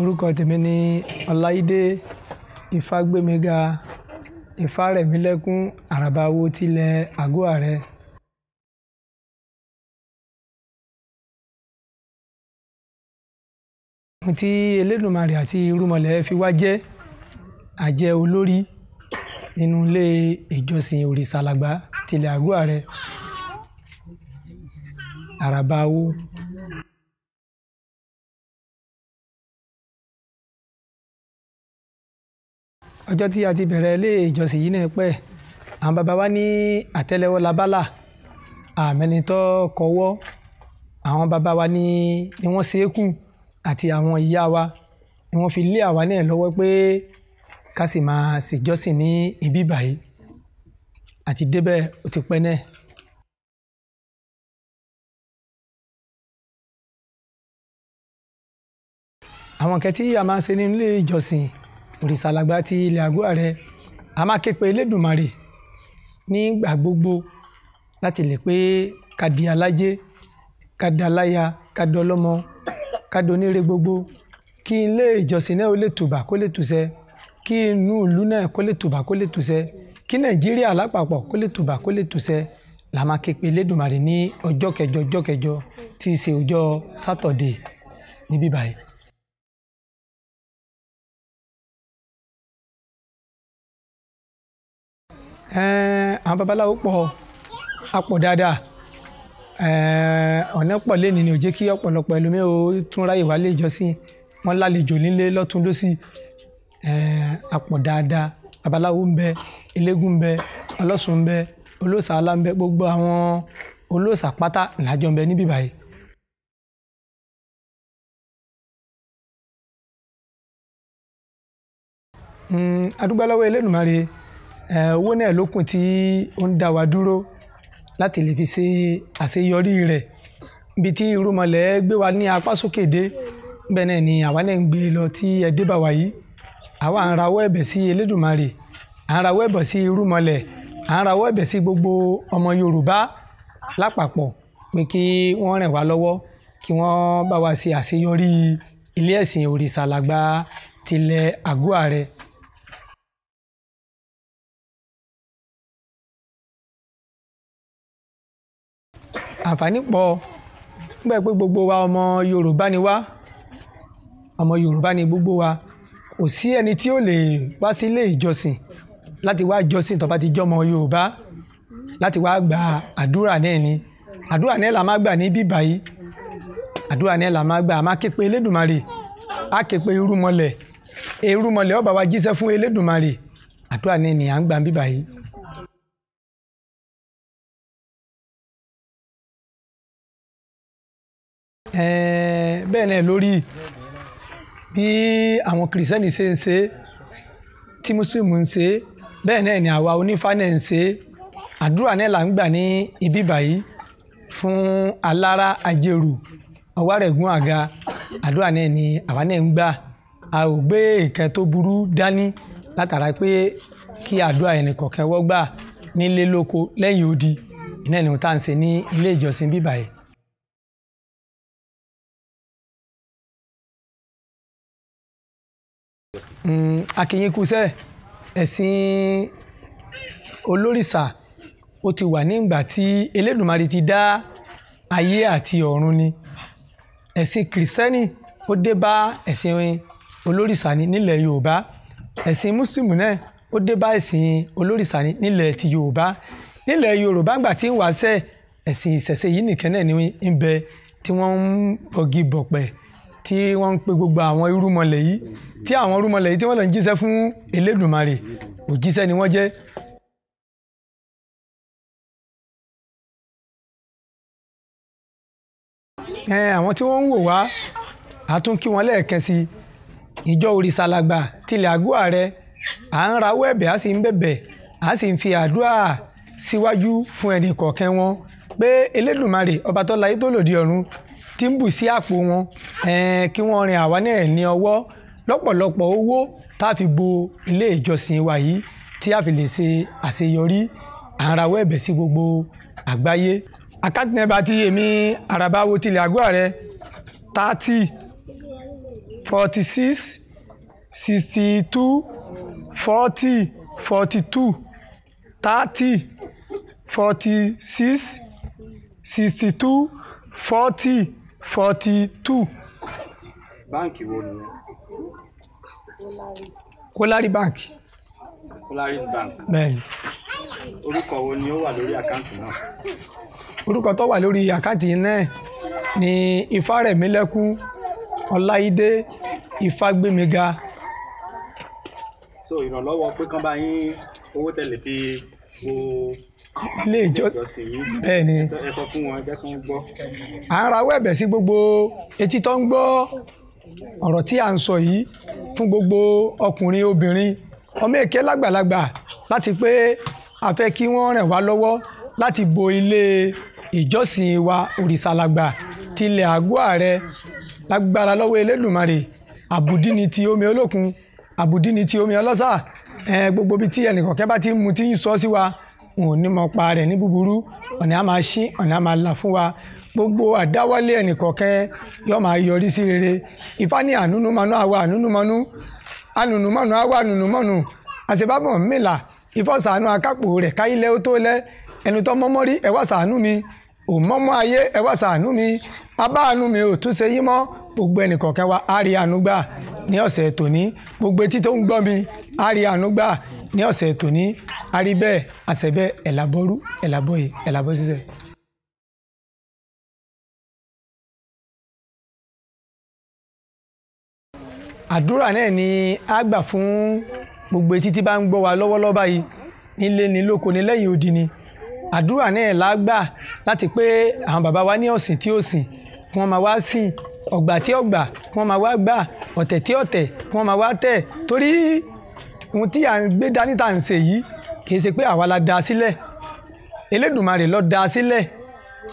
orúkọ tèmi ni ọláìdé ìfágbémiga ìfárẹ̀mílẹ́kún àràbáwo tilẹ̀ àgọ́ ààrẹ. tí elédùnmarè àti irúmọlẹ̀ fi wá jẹ́ àjẹ olórí nínú ilé ìjọsìn òrìṣàlágbá tilẹ̀ àgọ́ ààrẹ àràbáwo. ọjọ́ tí a ti bẹ̀rẹ̀ ilé ìjọsìn yìí náà pẹ́ àwọn bàbá wa ní àtẹ́lẹwọ́ labálà àmẹ́nitọ́ kọ́wọ́ àwọn bàbá wa ní ni wọ́n ṣe é kù àti àwọn ìyá wa ni wọ́n fi lé àwa náà lọ́wọ́ pé ká sì máa ṣèjọ́sìn ní ibi báyìí àti débẹ̀ ó ti pẹ́ náà. àwọn kẹtí a máa ṣe nínú ilé ìjọsìn òrìṣà alàgbà ti ilẹ̀ àgọ́ ààrẹ a máa ké pe elédùnmarè nígbà gbogbo láti lè pé ká di alájẹ ká di aláya ká di ọlọ́mọ ká di onírè gbogbo kí ilé ìjọsìn náà ó lè tùbà kó lè tùsẹ kí inú ìlú náà kó lè tùbà kó lè tùsẹ kí nàìjíríà lápapọ̀ kó lè tùbà kó lè tùsẹ la máa ké pe elédùnmarè ní ọjọ́ kẹjọ ọjọ́ kẹjọ tí í ṣe ọjọ́ sátọ̀dé níbí báyìí. Eh, àwọn babaláwo pọ̀ apọ̀ dáadáa eh, ọ̀nà pọ̀ lé nínú òjé kí ọ̀pọ̀lọpọ̀ ẹlòmíì ó tún ráyè wálé ìjọsìn wọn lálejò nílé lọ́tún lọ́sì eh, apọ̀ dáadáa babaláwo ń bẹ eléégún ń bẹ ọlọ́sùn ń bẹ olóòṣà alá ń bẹ gbogbo àwọn olóòṣà pátá làjọ ń bẹ níbí báyìí. Hmm, adúgbò lọ́wọ́ Elédùmarè owó náà ló kù tí ó ń dá wa dúró láti lè fi ṣe àṣeyọrí rẹ̀ ibi tí irúmọlẹ̀ gbé wa ní apá sókè dé bẹ́ẹ̀ ni àwa náà ń gbé lọ tí ẹ dé bá wa yìí àwa à ń rawọ́ ẹ̀bẹ̀ sí Elédùmarè à ń rawọ́ ẹ̀bẹ̀ sí irúmọlẹ̀ à ń rawọ́ ẹ̀bẹ̀ sí gbogbo ọmọ Yorùbá lápapọ̀ pé kí wọ́n ràn wá lọ́wọ́ kí wọ́n bá wa ṣe àṣeyọrí ilé ẹ̀sìn òrìṣà làgbà tilẹ̀ àgọ́ ààrẹ àǹfààní pọ̀ nígbà pé gbogbo wa ọmọ Yorùbá ni wá ọmọ Yorùbá ni gbogbo wa kò sí ẹni tí ó lè wá sí ilé ìjọsìn láti wá jọsìn tó bá ti jọmọ Yorùbá láti wá gba àdúrà náà ni àdúrà náà la máa gbà ní bíbà yìí àdúrà náà la máa gbà àmọ́ képe Elédùmarè á irúmọlẹ̀ irúmọlẹ̀ ọba wa jíṣẹ́ fún Elédùmarè àdúrà náà ni à ń gbà bíbà yìí. Eh, bẹ́ẹ̀ náà lórí bí àwọn kìrìsẹ́nì ṣe ń ṣe tí mùsùlùmí ń ṣe bẹ́ẹ̀ náà ni àwa onífá náà ń ṣe àdúrà náà là ń gbà ní ibí báyìí fún alára àjèrù ọwárẹ̀gún àga àdúrà náà ni àwa náà ń gbà a ò gbé nǹkan tó burú dání látara pé kí àdúrà ẹnì kọ̀ọ̀kan gbà nílé lóko lẹ́yìn odi náà ni wọ́n tá à ń ṣe ní ilé ìjọsìn bíbáyìí sí. Mm, akínyínkùsẹ́ ẹ̀sìn olórìṣà ó ti wà ní ìgbà tí Elédùmarè ti dá ayé àti ọ̀run ni ẹ̀sìn kìrìsẹ́nì ó dé bá ẹ̀sìn olórìṣà ní nílẹ̀ Yorùbá ẹ̀sìn mùsùlùmí náà ó dé bá ẹ̀sìn olórìṣà ní nílẹ̀ ti Yorùbá nílẹ̀ Yorùbá ńgbà tí ń wáṣẹ́ ẹ̀sìn ìṣẹ̀ṣe yìí nìkan náà ni ń bẹ tí wọ́n ń bọ̀gì bọ̀pẹ̀ tí wọ́n ń pe gbogbo àwọn irúmọlẹ̀ yìí tí àwọn rúmọlẹ̀ yìí tí wọ́n lọ ń jíṣẹ́ fún Elédùmarè òjíṣẹ́ ni wọ́n jẹ́ àwọn tí wọ́n ń wò wá a tún kí wọn lẹ́ẹ̀kan sí ìjọ òrìṣà làgbà tilẹ̀ àgọ́ ààrẹ à ń rawọ́ ẹ̀bẹ̀ a sì ń bẹ̀bẹ̀ a sì ń fi àdúrà síwájú fún ẹnì kọ̀ọ̀kan wọn pé Elédùmarè ọba tó láyé tó lòdì ọ̀run tí ń bù sí àpò wọn kí wọ́n rin àwa náà ní ọwọ́ lọ́pọ̀lọpọ̀ owó tá a fi bo ilé ìjọsìn wa yìí tí a fi lè ṣe àṣeyọrí àràwọ̀ ẹ̀bẹ̀ sí gbogbo àgbáyé. àkáǹtì nẹ́ẹ̀bà èmi àràbà tilẹ̀ àgọ́ rẹ̀ thirty forty six sixty two forty forty two thirty forty six sixty two forty forty two. báǹkì wo nìyẹn. Kolari Bank. Polaris Bank. Bẹ́ẹ̀ni. Orúkọ wo ni ó wà lórí àkáǹtì náà? Orúkọ tó wà lórí àkáǹtì náà ni Ifárẹ̀mílẹ́kú Ọláídé Ifágbémiga. So ìrànlọ́wọ́ pé kán bá yín owó tẹ̀lé fi wo ilé ìjọsìn yìí bẹ́ẹ̀ ni ẹ sọ fún wọn jẹ́ kí wọ́n gbọ́. à ń rawọ́ ẹ̀bẹ̀ sí gbogbo etí tó ń gbọ́ ọ̀rọ̀ tí a ń sọ yìí fún gbogbo ọkùnrin obìnrin ọmọ èké lágbàlagbà láti pé a fẹ́ kí wọ́n ràn wá lọ́wọ́ láti bo ilé ìjọsìn wa òrìṣàlàgbà tilẹ̀ àgọ́ ààrẹ lágbára lọ́wọ́ elédùnmarè àbùdí ni ti omi olókun àbùdí ni ti omi ọlọ́sà ẹ gbogbo bíi tí ẹnìkọ̀kẹ́ bá ti mu tí ń sọ sí wa òun ní mọ̀ pa rẹ̀ ní búburú ọ̀nà á ṣí ọ̀nà á là fún wa gbogbo àdáwọ́lé ẹnìkọ̀ọ̀kẹ́ yóò máa yọrí sí rere Ifá ní ànúnumọ́nú àwa ànúnumọ́nú ànúnumọ́nú àwa ànúnumọ́nú àṣebábọ̀ mìlà Ifá ṣàánú akápò rẹ̀ káyílẹ̀ ó tó lẹ́ ẹni tó mọ́mọ́ rí ẹ wá ṣàánú mi ò mọ́mọ́ ayé ẹ wá ṣàánú mi abáàánú mi ò tún yí mọ́ gbogbo ẹnìkọ̀ọ̀kẹ́ wa á rí àánú gbà ní ọ̀sẹ̀ tòní gbogbo etí tó ń gbọ́ mi á rí àánú ní ọ̀sẹ̀ tòní á rí bẹ́ẹ̀ àṣẹ bẹ́ẹ̀ ẹ̀làbọ́rú ẹ̀làbọ́yè ẹ̀làbọ́sísẹ́. àdúrà náà ni a gbà fún gbogbo etí tí bá ń gbọ́ wa lọ́wọ́lọ́wọ́ báyìí nílé ni lóko ni lẹ́yìn odi ni àdúrà náà la gbà láti pé àwọn bàbá wa ní ọ̀sìn tí ó sìn kí wọ́n máa wá sìn ọ̀gbà tí ọ̀gbà kí wọ́n máa wá gbà ọ̀tẹ̀ tí ọ̀tẹ̀ kí wọ́n máa wá tẹ̀ torí ohun tí à ń gbé dání tà ń ṣe yìí kì í ṣe pé àwa la dá sílẹ̀ Elédùmarè ló dá sílẹ̀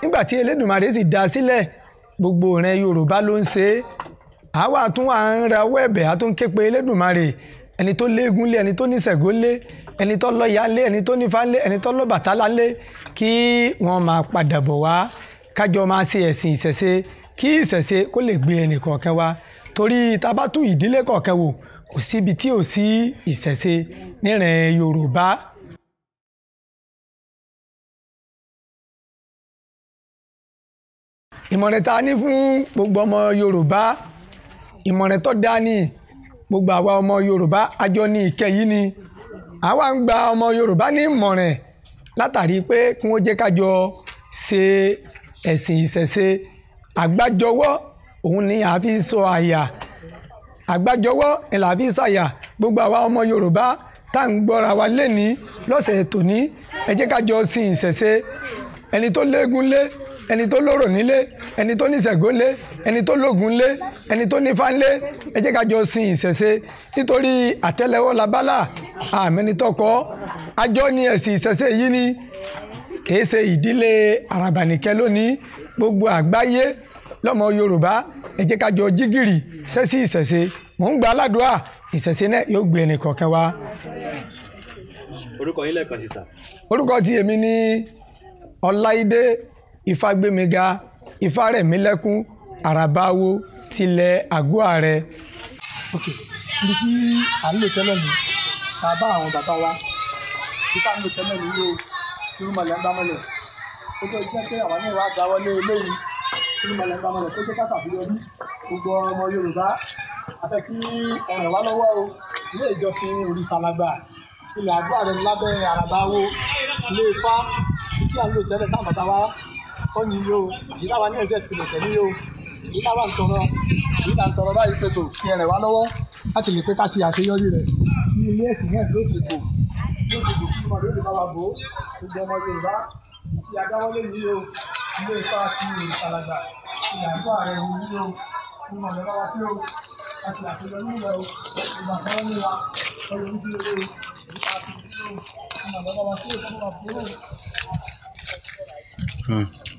nígbà tí Elédùmarè sì dá sílẹ̀ gbogbo rẹ̀ Yorùbá ló ń ṣe é àwa tún wà ń ra owó ẹ̀bẹ̀ a tún ké pe Elédùmarè ẹni tó léegun lé ẹni tó ní sẹ̀gó lé ẹni tó lọ́ya lé ẹni tó nífa lé ẹni tó lọ́bàtálá lé kí wọ́n máa padà bọ̀ wá kájọ máa ṣe ẹ̀sìn ìṣẹ̀ṣe kí ìṣẹ̀ṣe kó lè gbé ẹnì kọ̀ọ̀kan wá torí tabátú ìdílé kọ̀ọ̀kan wò kò síbi tí ò sí ìṣẹ̀ṣe nílẹ̀ Yorùbá. ìmọ̀ràn ta ní fún gbogbo ọmọ Yorùbá ìmọ̀ràn tó dáa ni gbogbo àwa ọmọ Yorùbá àjọ ní ìkẹyìn ni àwa ń gba ọmọ Yorùbá ní ìmọ̀ràn látàrí pé kí wọ́n jẹ́ kájọ ṣe ẹ̀sìn ìṣẹ̀ṣe àgbájọwọ́ òun ni a fi sọ àyà àgbájọwọ́ ni la fi sàyà gbogbo àwa ọmọ Yorùbá tá à ń gbọ́ra wa lénìí lọ́sẹ̀ tòní ẹ jẹ́ kájọ sin ìṣẹ̀ṣe ẹni tó léegun lé ẹni tó lóró nílé ẹni tó níṣẹ̀gbó ńlé ẹni tó lógun ńlé ẹni tó nífá ńlé ẹ jẹ́ ká jọ sin ìṣẹ̀ṣe nítorí àtẹ́lẹwọ́ labálà àmẹ́nitọ́kọ́ àjọ ni ẹ̀sìn ìṣẹ̀ṣe yìí ni kìí ṣe ìdílé arabanikẹ́ lónìí gbogbo àgbáyé lọ́mọ yorùbá ẹ jẹ́ ká jọ jígìrì ṣẹ́sí ìṣẹ̀ṣe mò ń gba aládùá ìṣẹ̀ṣe náà yóò gbé ẹnì kọ̀ọ̀kan orúkọ yín lẹ́ẹ̀kan sísà. orúkọ ti èmi ni ọláìdé ifá gbé mi ifá rẹ̀ mí lẹ́kún àràbáwo tilẹ̀ àgọ́ ààrẹ. ok ibi tí à ń lò tẹ́lẹ̀ ni bàbá àwọn bàbá wa ibi tá à ń lò tẹ́lẹ̀ ni ilé irúmọlẹ̀ ń bá mọ́lẹ̀ ó tó jẹ́ pé àwọn náà wá dáwọ́lé eléyìí irúmọlẹ̀ ń bá mọ́lẹ̀ tó jẹ́ ká ṣàfihàn gbogbo ọmọ Yorùbá afẹ́ kí ọ̀rọ̀ wá lọ́wọ́ o ilé ìjọsìn òrìṣà lágbà ilẹ̀ àgọ́ ààrẹ lábẹ́ àràbáwo ilé ifá ibi tí à ń lò tẹ́lẹ̀ táwọn bàbá wa kọ́ ni yóò èyí táwa ní ẹsẹ̀ ìpìlẹ̀sẹ̀ ní yóò èyí táwa ń tọrọ èyí táwa ń tọrọ báyìí pé tò ní ẹrẹ̀ wá lọ́wọ́ láti lè pé ká ṣe àṣeyọrí rẹ̀ ní ilé ẹ̀sìn náà ló ti bò ló ti bò fún ọmọ lórí bàbá bò gbogbo ọmọ Yorùbá ti adáwọlé yìí o ilé Ifá ti ìsàlàgbà ìyàgbọ ààrẹ òun yìí o fún ọmọ bàbá sí o àti àṣeyọrí rẹ̀ o ìgbà kan ní wa ọyọ ní ti rere ìgbà kan ní o fún ọmọ bàbá sí o fún ọmọ bàbá sí o. Hmm.